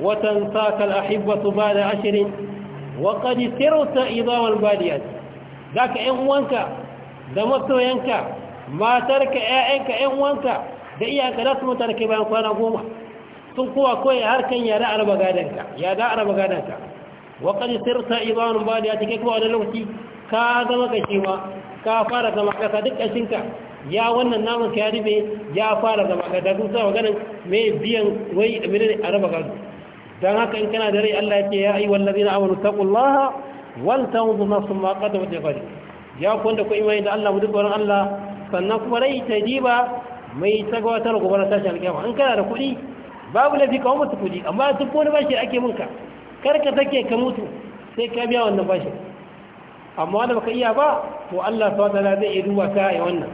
watan su ba ba'da ashirin wa qad sirta idawal badiyat zaka yan uwanka da masoyanka matarka ƴaƴanka yan uwanka da iyaka da su mutarke bayan kwana goma sun kowa kawai harkan ya da araba gadanka ya da araba gadanka wa qad sirta ibanun ba da ya take kowa da lokaci ka zama kashewa ka fara zama kasa duk kashinka ya wannan naman ka ya dube ya fara zama ka da kusa maganin mai biyan wai amina araba gado dan haka in kana da rai Allah ya ce ya yi ayyuhal ladina amanu wanzu na tanzur nafsun ma qaddamat lighad ya kuwa da ku imani da Allah mu duk wurin Allah sannan kuma rai ta diba mai tagawatar gobe na shi alƙiyama in kana da kuɗi babu lafi kawo mutu kudi amma duk wani bashi ake munka kar ka take ka mutu sai ka biya wannan bashi. amma wanda baka iya ba to Allah ta da zai iya duba ka ya wannan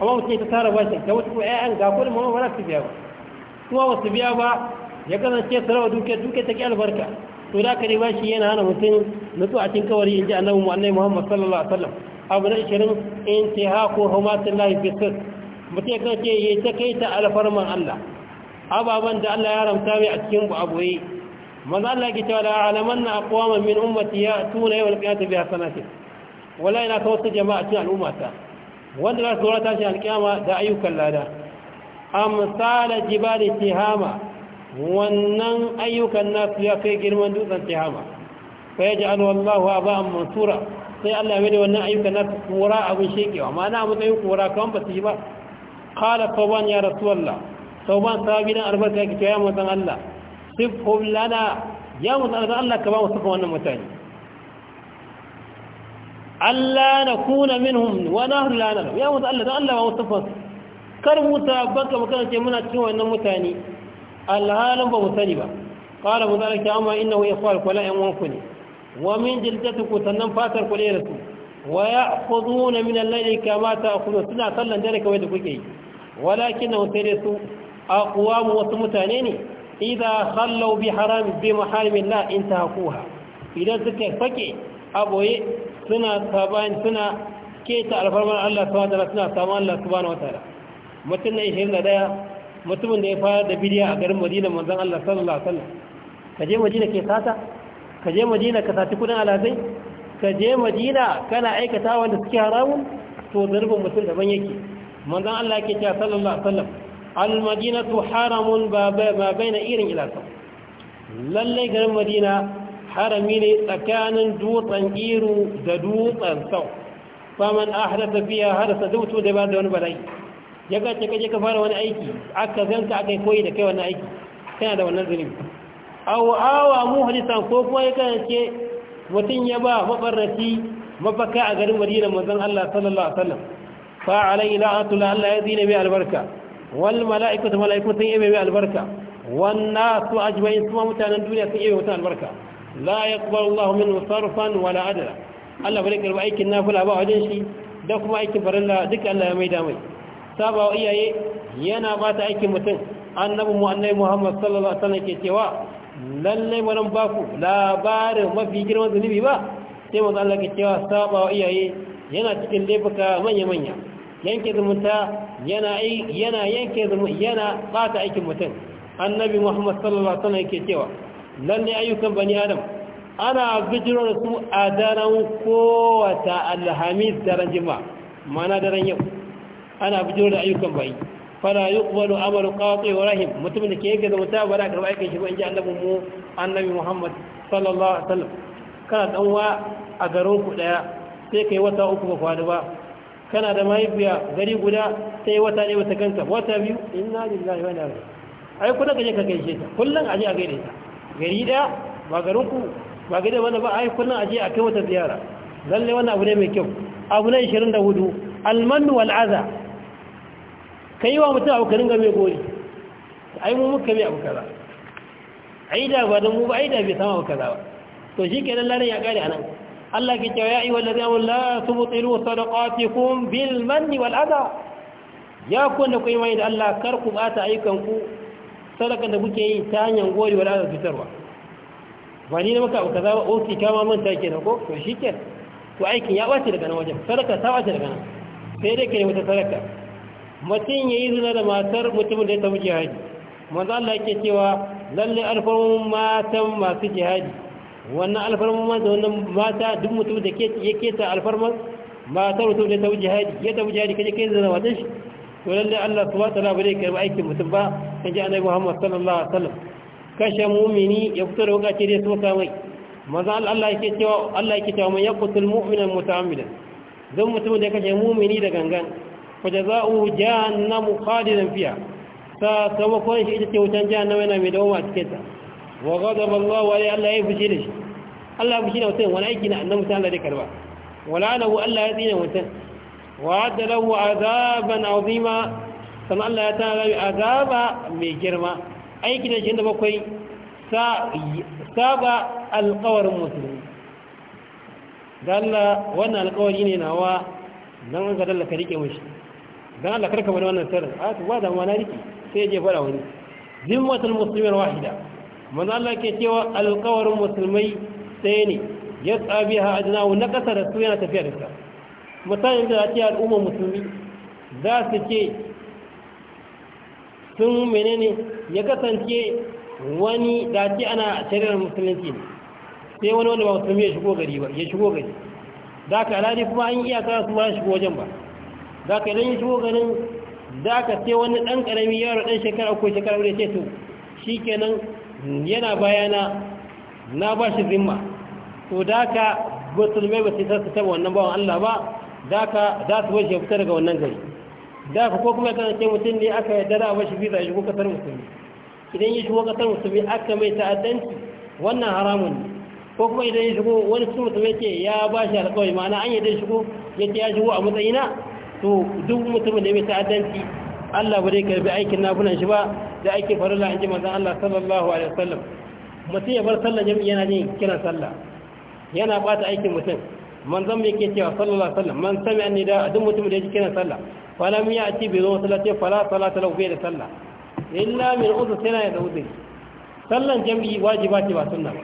amma mutum ta tara bashin ta mutu ko ƴaƴan ga kuɗin mamman ba su biya ba kuma ba su biya ba ya kasance su rawa duke duke ta ki albarka to da ka ne bashi yana hana mutum nutsu a cikin kawari in ji annabi mu annabi Muhammad sallallahu alaihi wasallam abu na 20 intihaku humatullahi fi sirr mutum ya kasance ya ta kai ta alfarman Allah ababan da Allah ya ramta mai a cikin abuye maza Allah ke cewa da alaman na akwaman min ummati ya tuna yawan kiyata biya sanatin wala ina jama'a cikin al'ummata wanda za su zora tashin alkiyama da ayyukan lada amsala jibali tihama wannan ayyukan nasu ya kai girman dutsen tihama fa yaj'alu a aba'an mansura sai Allah ya mai da wannan ayyukan nasu kura abin shekewa ma'ana a matsayin kura kan ba su yi ba qala fawan ya rasulullah sauban sahabi dan albarka yake ya manzon Allah sifhum lana ya manzon Allah ka ba mu sifan wannan mutane Allah na kuna minhum wa nahnu la nahnu ya manzon Allah dan Allah ba mu sifan kar mu ta baka baka ce muna cikin wannan mutane alhalin ba mu sani ba qala mu zalika amma innahu yaqal kula yan wanku ne wa min jildatiku sannan fatar ku ne da su wa ya'khuduna min al mata a ta'khuduna suna sallan dare kawai da kuke yi walakin sai dai su A aqwamu wasu mutane ne idza khallu bi haram bi maharimillah intahaquha idan suka fake aboye suna saban suna keta alfarmar Allah subhanahu wataala suna saman Allah subhanahu wataala mutum da 21 mutumin da ya fara da bidiya a garin Madina manzon Allah sallallahu alaihi wasallam je Madina ke sata ka je Madina ka saci kudin alazai kaje Madina kana aikata wanda suke haramun to zarbin mutum daban yake manzon Allah yake cewa sallallahu alaihi wasallam almadina tu haramun ba bai irin ilasa lallai garin madina harami ne tsakanin dutsen iru da dutsen sau ba man ahada tafiya harasa dutu da ba da wani barai ya kace kaje ka fara wani aiki aka zanta aka koyi da kai wannan aiki kana da wannan zulmi aw awa mu hadisan ko kuma ya kace mutun ya ba mabarrati mafaka a garin madina manzon Allah sallallahu alaihi wasallam fa alaihi la atu la alla bi albaraka wal mala'ikatu mala'iku sun yabe albarka wan nasu ajma'in kuma mutanen duniya sun yabe mutan albarka la yaqbalu Allahu min sarfan wala adla Allah bare karba aikin nafila ba wajen shi da kuma aikin farilla duka Allah ya maida mai saba wa iyaye yana ba ta aikin mutum annabi mu annabi Muhammad sallallahu alaihi wasallam ke cewa lalle ba nan ba ku labarin mafi girman zunubi ba sai manzo Allah ke cewa saba wa iyaye yana cikin laifuka manya-manya yanke zumunta yana yana yanke yana bata aikin mutum annabi muhammad sallallahu alaihi wasallam yake cewa lalle ayyukan bani adam ana bijiro da su a daren kowata alhamis daren jima mana daren yau ana bijiro da ayyukan bai fara yi kubalu amalu kawai wa rahim mutumin da ke yake zama ta bara karɓa aikin shi ba in ji annabin mu annabi muhammad sallallahu alaihi wasallam kana ɗanwa a garin ku ɗaya. sai ka yi wata uku ba kwani ba kana da mahaifiya gari guda sai wata ne wata kanta wata biyu inna lillahi wa inna ilaihi ai kuna kaje ka gaishe ta kullun aje a gaida ta gari da ba garin ku ba gaida wanda ba ai kullun aje a kai wata ziyara lalle wannan abu ne mai kyau abu ne 24 almanu wal aza kai wa mutum abu karin ga mai gori ai mu muka mai abu kaza ai da ba da mu ba ai da bai sama abu kaza ba to shi kenan lalle ya kare anan Allah ke cewa ya yi wallazi amur la tubtilu sadaqatikum bil manni wal adha ya kunna ku imani da Allah kar ku bata ayyukan ku sadakan da kuke yi ta hanyar gori wal adha fitarwa ba ni na maka kaza ba oki kama manta kenan ko to shikenan to aikin ya bace daga nan wajen sadaka ta bace daga nan sai dai kai wata sadaka mutum yayi zina da matar mutumin da ya tafi jihadi manzo Allah yake cewa lalle alfarmun matan masu jihadi wannan alfarmar ma da wannan mata duk mutum da ya keta alfarma ba ta mutum da ta wuce haji ya ta wuce haji kaje kai zana wajen shi to lalle Allah subhanahu wa ta'ala ba aikin mutum ba kan ji annabi Muhammad sallallahu alaihi wasallam kashe mumini ya fito da wukace da ka mai maza Allah yake cewa Allah yake cewa man yaqtul mu'mina muta'ammidan Duk mutum da kashe mumini da gangan fa jazaa'u jahannam khalidan fiha sa samakon shi ita ce wutan jahannama yana mai dawoma cikin ta wa ghadaba Allah wa ya Allah ya fushi da shi Allah ya fushi da mutum wani aiki na annabi ta Allah da karba wala lahu Allah ya tsina mutum wa adda lahu azaban azima sannan Allah ya tana lahu azaba mai girma aiki da shi da bakwai saba alƙawarin musulmi da Allah wannan alƙawari ne nawa don an zaɗa ka riƙe mashi don Allah karka bari wannan sarar a ah, su ba da ma na riƙe sai ya je fara wani zimmatul musulmin wahida manzo Allah ke cewa alƙawarin musulmai sai ne ya tsabi ha ajnahu na ƙasa da su yana tafiya da ta misalin da ake al'umma musulmi za su ce sun menene ya kasance wani da ce ana shari'ar musulunci ne sai wani wanda ba musulmi ya shigo gari ba ya shigo gari za ka Ladi kuma an iyaka su ba shigo wajen ba za ka idan ya shigo ganin za ka sai wani ɗan ƙarami yaro ɗan shekara ko shekara wadda ce su shi kenan yana bayana na ba shi zimma to da ka musulmai ba su sassa taba wannan bawan Allah ba da ka za su wace fita daga wannan gari da ka ko kuma kana ce mutum ne aka yadda da ba shi visa ya shigo kasar musulmi idan ya shigo kasar musulmi aka mai ta'addanci wannan haramun ne ko kuma idan ya shigo wani su mutum ya ce ya ba shi alƙawari ma'ana an yarda shigo ya ce ya shigo a matsayina to duk mutumin da ya mai ta'addanci Allah ba zai karbi aikin nafilan shi ba da ake farilla in ji manzon Allah sallallahu alaihi wasallam mutum ya bar sallar jami'i yana jin kiran sallah yana bata aikin mutum manzon mai ke cewa sallallahu alaihi wasallam man sami an nida duk mutum da ya ji kiran sallah fala min ya'ti bi zo salati fala salata lahu bi da sallah illa min uzu sai da uzu sallan jami'i wajiba ce ba sunna ba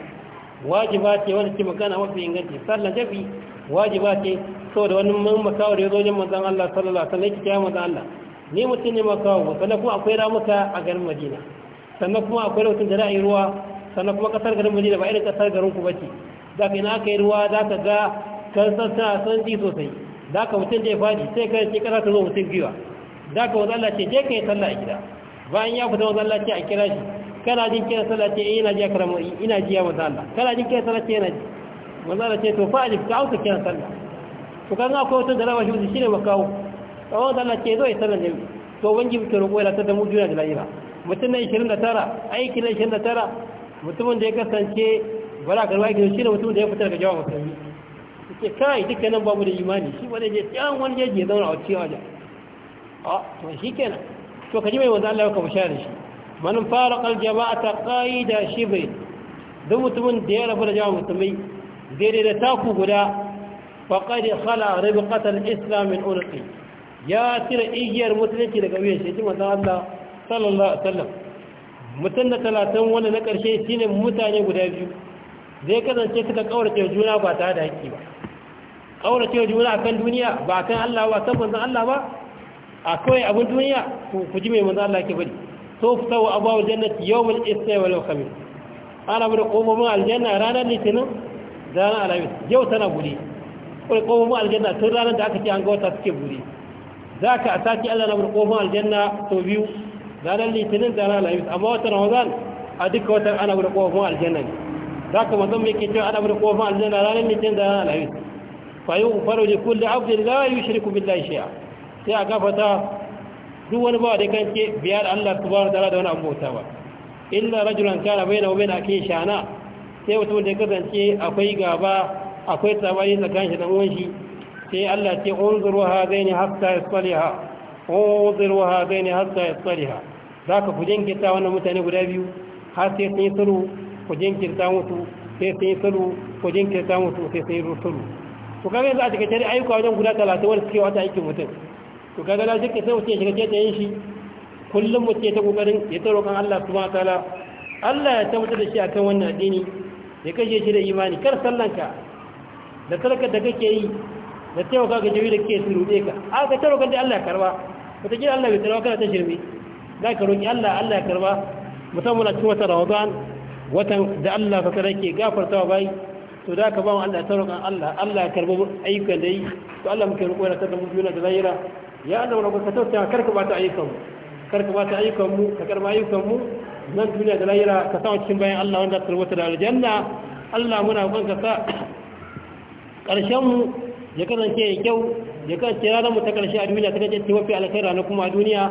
wajiba ce wanda ke magana mafi inganci sallan jami'i wajiba ce saboda wani mamakawa da ya zo wajen manzon Allah sallallahu alaihi wasallam ya kiyaye manzon Allah ni mutum ne makawo sannan kuma akwai ramuka a garin madina sannan kuma akwai rautun da za a yi ruwa sannan kuma kasar garin madina ba irin kasar garin ku bace za ka ina aka yi ruwa za ka ga kan sassa san ji sosai za ka mutum da ya faɗi sai ka yi kasa ta zo mutum biyuwa za ka wanzu Allah ce je ka yi sallah a gida bayan ya fita wanzu Allah ce a kira shi kana jin eh, kira sallah ce ina jiya karamo ina jiya ya wanzu Allah kana jin kira sallah ce ina ji wanzu Allah ce to fa ka auka kira sallah to kan akwai wata da rawa shi ne makawo tsawon da Allah ke zo ya sanar da to bangi muke roƙo yana da mu juna da la'ira mutum na 29 aiki na 29 mutumin da ya kasance ba za ka ruwa aiki shi ne mutumin da ya fitar da jawon musulmi suke kai nan babu da imani shi wani je tsawon wani jeji ya zauna a cikin wajen a to shi kenan to ka ji mai wanzu Allah ka kama da shi Manin fara kal jama'a ta shi bai duk mutumin da ya rabu da jawon musulmi daidai da taku guda faqad khala ribqatal islam min urqi ya cire igiyar musulunci daga wuyan shi jima ta Allah sallallahu alaihi wasallam mutum da talatin wanda na ƙarshe shine mutane guda biyu zai kasance suka kaurace juna ba tare da haƙƙi ba kaurace juna akan duniya ba kan Allah ba san manzon Allah ba a kawai abin duniya ku ji mai manzon Allah ke bari so fita wa abawa jannati yawmul istai wal khamis ana bude komomin aljanna ranar litinin da ranar alhamis yau tana bude kuma komomin aljanna tun ranar da aka ci an ga wata suke bude za ka a sati allah na burkofin aljanna sau biyu ranar litinin da ranar lamis amma watan ramadan a duka watan ana burkofin aljanna ne za ka mazan mai ke cewa ana burkofin aljanna ranar litinin da ranar lamis fayin ufaro da kulle abdin la yi shirku billahi shi'a sai a gafata duk wani bawa da kan ce biyar allah subhanahu ta'ala da wani abu bauta ba illa rajulan kana na wa na ake shana sai wata wanda ya kasance akwai gaba akwai tsabani tsakanin shi da uwan shi sai Allah ce unzuru hadaini hatta yasliha unzuru hadaini hatta yasliha zaka ku jinkirta wannan mutane guda biyu har sai sun yi ku jinkirta mutu sai sun yi ku jinkirta mutu sai sun yi to kaga yanzu a cikin ayyuka wajen guda 30 wanda suke wata aikin mutum to kaga da jikka sai mutum ya shiga ta yin shi kullum mutum ya ta kokarin ya ta roƙon Allah subhanahu wataala Allah ya tabbatar da shi akan wannan addini ya kashe shi da imani kar sallanka da sarkar da kake yi da taimaka ga jami'i da ke su ruɗe ka a ka ta roƙar da Allah ya karba ta gina Allah bai karba kana ta shirme za ka roƙi Allah Allah ya karba musamman a cikin watan Ramadan watan da Allah ka kare ke gafarta wa bai to da ka ba mu Allah ta roƙan Allah Allah ya karba ayyukan da yi to Allah muke roƙo yana tada mu juna da lahira ya Allah mu ka tausaya karka ba ta ayyukan mu karka ba ta ayyukan mu ka karba ayyukan mu nan duniya da lahira ka sa cikin bayan Allah wanda ta rubuta da aljanna Allah muna roƙon ka sa ƙarshen mu ya kasance ya kyau ya kasance ranar mu ta karshe a duniya ta kasance mafi alkhairi ranar kuma a duniya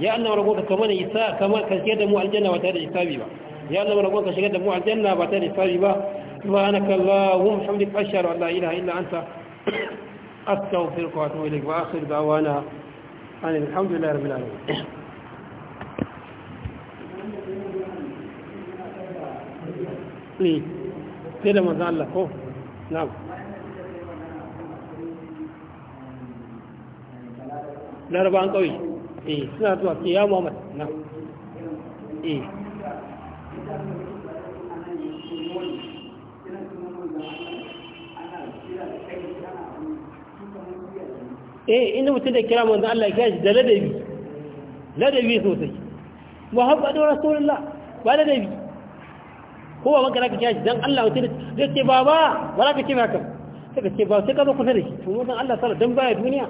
ya Allah rago ka kama da isa kama ka shigar da mu aljanna ba tare da isabi ba ya Allah rago ka shigar da mu aljanna ba tare da isabi ba subhanaka allahumma hamdika ashhadu an la ilaha illa anta astaghfiruka wa atubu ilaik wa akhir da'wana alhamdulillahi rabbil alamin ne sai da manzan Allah ko na'am an kawai eh suna zuwa ke ya muhammad na eh eh inda mutum da kira manzan Allah ya shi da ladabi ladabi sosai muhammadu rasulullah ba ladabi ko ba maka raka kira shi dan Allah mutum zai ce baba ba za ka ce ba haka sai ka ce ba sai ka zo kusa da shi to mutum Allah sallallahu don baya duniya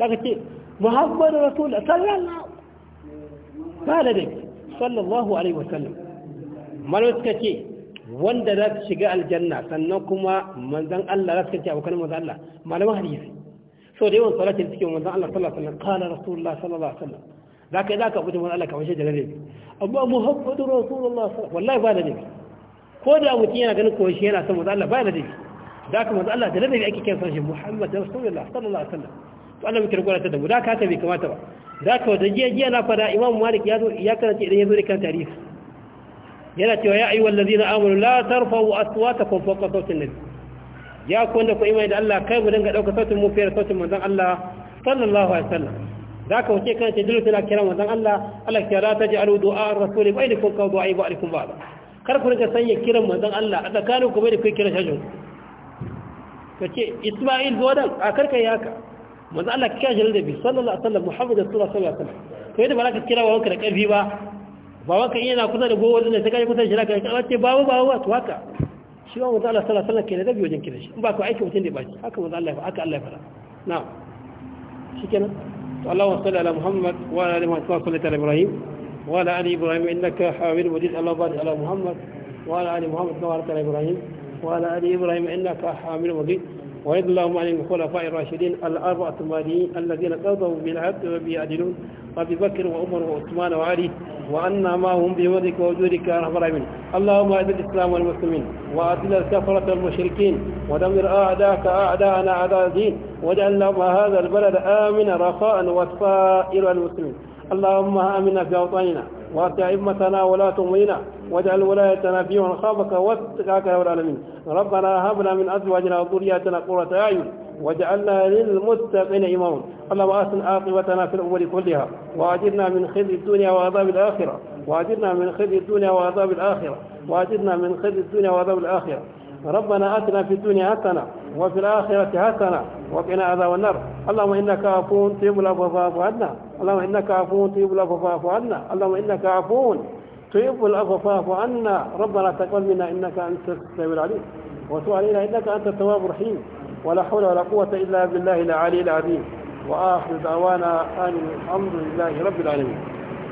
ka ce muhammadu rasulullah sallallahu ba da dai sallallahu alaihi wasallam malar suka ce wanda za su shiga aljanna sannan kuma manzan Allah za su kace abokan manzan Allah malaman hadisi so da yawan salatin cikin manzan Allah sallallahu alaihi wasallam qala rasulullah sallallahu alaihi wasallam zaka ka fita manzan Allah kamar shi jalale amma muhammadu rasulullah wallahi ba da dai ko da mutum yana ganin koyi yana son manzan Allah ba da dai zaka manzan Allah da ladabi ake kiran shi Muhammad rasulullah sallallahu alaihi wasallam wannan muke rubuta da mu da ka ta bai kamata ba da ka wata jiya jiya na fada imam malik ya zo ya karanta idan ya zo da kan tarihi yana cewa ya ayyuhal ladina amanu la tarfa'u aswatakum fawqa sawtin nabi ya ku wanda ku imani da Allah kai mu dinga ɗauka sautin mu fiye da sautin manzon Allah sallallahu alaihi wasallam da ka wuce kan ce dole tana kira manzon Allah Allah ya la taj'alu du'a ar-rasul bainakum ka du'a ba'alikum ba. kar ku dinga sanya kiran manzon Allah a tsakanin ku bai da kuka kiran shajin ku ce Isma'il zo dan a karkai haka manzo Allah ka kira da bi sallallahu alaihi wasallam Muhammad sallallahu alaihi wasallam kai da baraka kira wanka da karfi ba bawanka in yana kusa da gowa da ta kai kusa da shi ka haka shi Allah sallallahu alaihi wasallam ke da dabi wajen kira shi in ba aiki da haka manzo Allah haka Allah ya fara na'am shikenan to ala Muhammad wa ala ali Muhammad sallallahu alaihi Ibrahim wa ala ali Ibrahim innaka Majid Allah barik ala Muhammad wa ala ali Muhammad wa ala ali Ibrahim ويد اللهم عن الخلفاء الراشدين الأربعة الماليين الذين قضوا بالعبد وبيعدلون أبي بكر وعمر وعثمان وعلي وأن ما هم بوضعك ووجودك يا رحمة العالمين اللهم أعز الإسلام والمسلمين وأذل الكفرة والمشركين ودمر أعداءك أعداءنا أعداء الدين واجعل لهم هذا البلد آمنا رخاء وصائر المسلمين اللهم آمنا في أوطاننا وأبت أئمتنا ولا أمورنا واجعل ولايتنا في من خافك واتقاك يا رب العالمين ربنا هب لنا من أزواجنا وذرياتنا قرة أعين واجعلنا للمتقين إماما اللهم أحسن عاقبتنا في الأمور كلها وأجرنا من خزي الدنيا وعذاب الآخرة وأجرنا من خزي الدنيا وعذاب الآخرة وأجرنا من خزي الدنيا وعذاب الآخرة ربنا أتنا في الدنيا حسنة وفي الآخرة حسنة وقنا عذاب النار اللهم إنك عفو تيب العفو فاعف عنا اللهم إنك عفو تيب العفو فاعف عنا اللهم إنك عفو تيب العفو فاعف عنا ربنا تقبل منا إنك أنت السميع العليم وتوب علينا إنك أنت التواب الرحيم ولا حول ولا قوة إلا بالله العلي العظيم وآخر دعوانا أن الحمد لله رب العالمين